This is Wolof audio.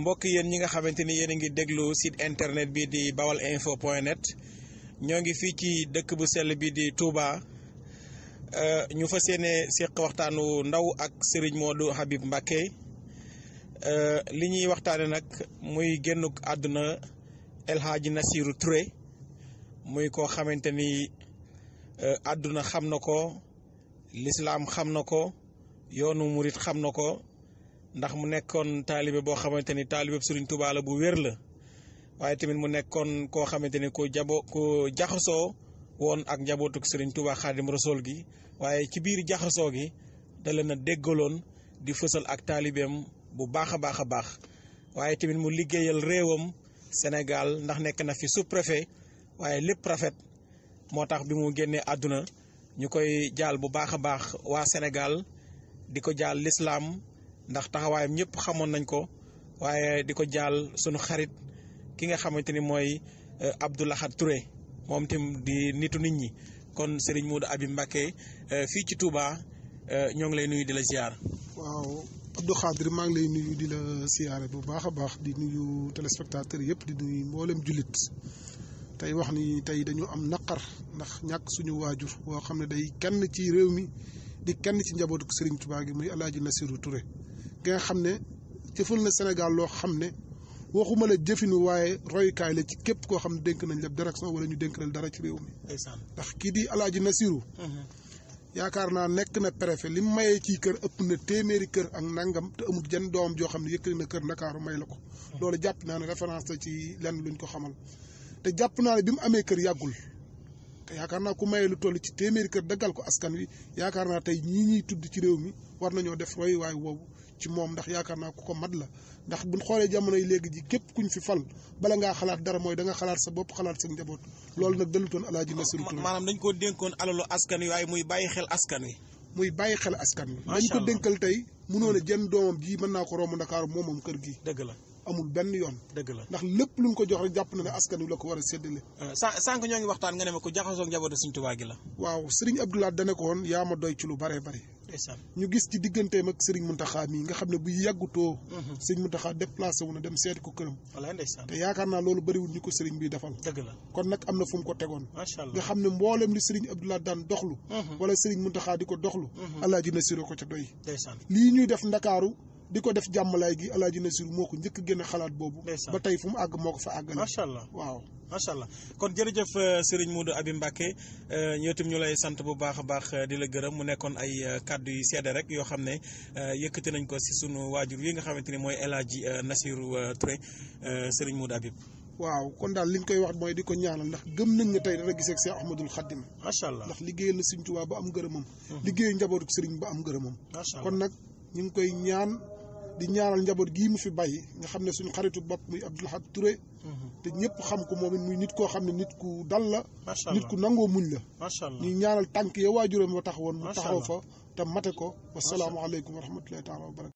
mbokk yéen ñi nga xamante ni yéen a ngi déglu site internet bi di bawal info net ñoo ngi fii ci dëkk bu sell bi di Touba euh, ñu fa yéene seq waxtaanu ndaw ak Serigne Modou Habib Mbacké euh, li ñuy waxtaane nag muy génnuk àdduna El Hadji Nassirou Touré muy koo xamante ni euh, àdduna xam na ko lislaam xam na ko yoonu murit xam na ko ndax mu nekkoon taalibe boo xamante ni taalibe Sëriñ Tuubaa bu wér la waaye tamit mu nekkoon koo xamante ni ku jabo ku jaxasoo woon ak njabootuk Sëriñ Tuubaa Xaadim Rasuul gi waaye ci biir jaxasoo gi da leen a déggaloon di fësal ak taalibeem bu baax a baax a baax waaye tamit mu liggéeyal réewam Sénégal ndax nekk na fi sous-préfet waaye lépp rafet moo tax bi mu génnee àdduna ñu koy jaal bu baax a baax waa Sénégal di ko jaal lislaam ndax taxawaayam ñëpp xamoon nañ ko waaye di ko jaal suñu xarit ki nga xamante ni mooy euh, Abdou Lahad ture moom tim di nitu nit ñi kon Serigne Modou abi Mbacké euh, fii ci Touba euh, ñoo ngi lay nuyu di la ziar. waaw maa ngi lay nuyu di la siyaare bu baax a baax di nuyu téléspectateur yëpp di nuyu mboolem jullit tey wax ni tey dañu am naqar ndax ñàkk suñu waajur boo xam ne day kenn ci réew mi. di kenn ci njabootu tu baa gi muy El Hadj Nassirou Touré gi nga xam ne jëfal na Sénégal loo xam ne waxuma la jëfinu waaye royukaay la ci képp koo xam ne dénk nañ la direction wala ñu dénk dara ci réew mi. ndax kii di El Hadj Nassirou. Mhm. yaakaar naa nekk na préfet li mayee ci kër ëpp na téeméeri kër ak nangam te amul jenn doomam joo xam ne yëkkati na kër Ndakaaru may la ko. Mhm. loolu jàpp naa ne référence la ci lenn luñ ko xamal te jàpp naa ne bi mu amee kër yàggul. yaakaar naa ku maye lu toll ci téeméeri kër daggal ko askan wi yaakaar naa tey ñii ñuy tudd ci réew mi war nañoo def roy waay woowu ci moom ndax yaakaar naa ku ko mat la ndax buñ xoolee jamono yi léegi ji képp kuñ fi fal bala ngaa xalaat dara mooy da nga xalaat sa bopp xalaat sa njaboot loolu nag dalutoon alaaji Nasiru Touré maanaam dañ ko dénkoon alalu askan wi waaye muy bàyyi xel askan wi muy bàyyi xel askan wi dañ ko dénkal tey mënoon a jën doomam ji mën naa ko romb Ndakaaru moom moom kër gi dëgg la amul benn yoon. dëgg la ndax lépp lu luñ ko jox rek jàpp na ne askan wi la ko war a séddale. Euh, sàn sànq ñoo ngi waxtaan nga ne ko jaxasoo njabootu Sëriñ Tuubaa gi la. waaw Serigne Abdoulaye dane ko woon yaa ma doy ci lu bare bare. ñu gis ci digganteem ak Serigne Mountakha mii nga xam ne bu yàggutoo. Mhm. Serigne Mountakha déplacé wu na dem seeti ko këram. te yaakaar naa loolu bëriwul ñu ko Serigne bi defal. dëgg la kon nag am na fu ko tegoon. macha allah nga xam ne mboolem li Serigne Abdoulaye daan doxlu. Mhm. wala Serigne Mountakha di ko doxlu. Mhm. alaaji na siro ko ca doy. lii ñuy def ndakaaru di ko def jàmmalaay gi alaaji Nasiru moo ko njëkk génn xalaat boobu ba tey fu mu àgg moo ko fa àggale macha allah waaw macha allah kon jërëjëf euh, sëriñ Modou Abi Mbacke euh, ñoo itam ñu lay sant bu baax a baax euh, di la gërëm mu nekkoon ay kàddu seede rek yoo xam ne yëkkati nañ ko si sunu waajur yi nga xamante ni mooy El Hadji Nasiru Touré sëriñ Modou Abib waaw kon daal li ñu koy wax mooy di ko ñaanal ndax gëm nañ tey dana gisee ak Cheikh Ahmadul Khadim macha allah ndax liggéeyal na Sëriñ Tuubaa ba am ngërëmam mhm. liggéey njabootu sëriñ ba am ngërëmam kon nag ñu ngi koy ñaan di ñaanal njaboot gi mu fi bàyyi nga xam ne suñu xaritu bopp muy Abdoul Ahad Touré. Mhm. te ñëpp xam ko moom muy nit koo xam ne nit ku dal la. nit ku nangoo muñ la. macha allah ñuy ñaanal tànk ya waajuram ba tax woon. mu taxaw fa te mate ko. macha allah wasalaamualeykum wa rahmatullahi taala wa barakatu.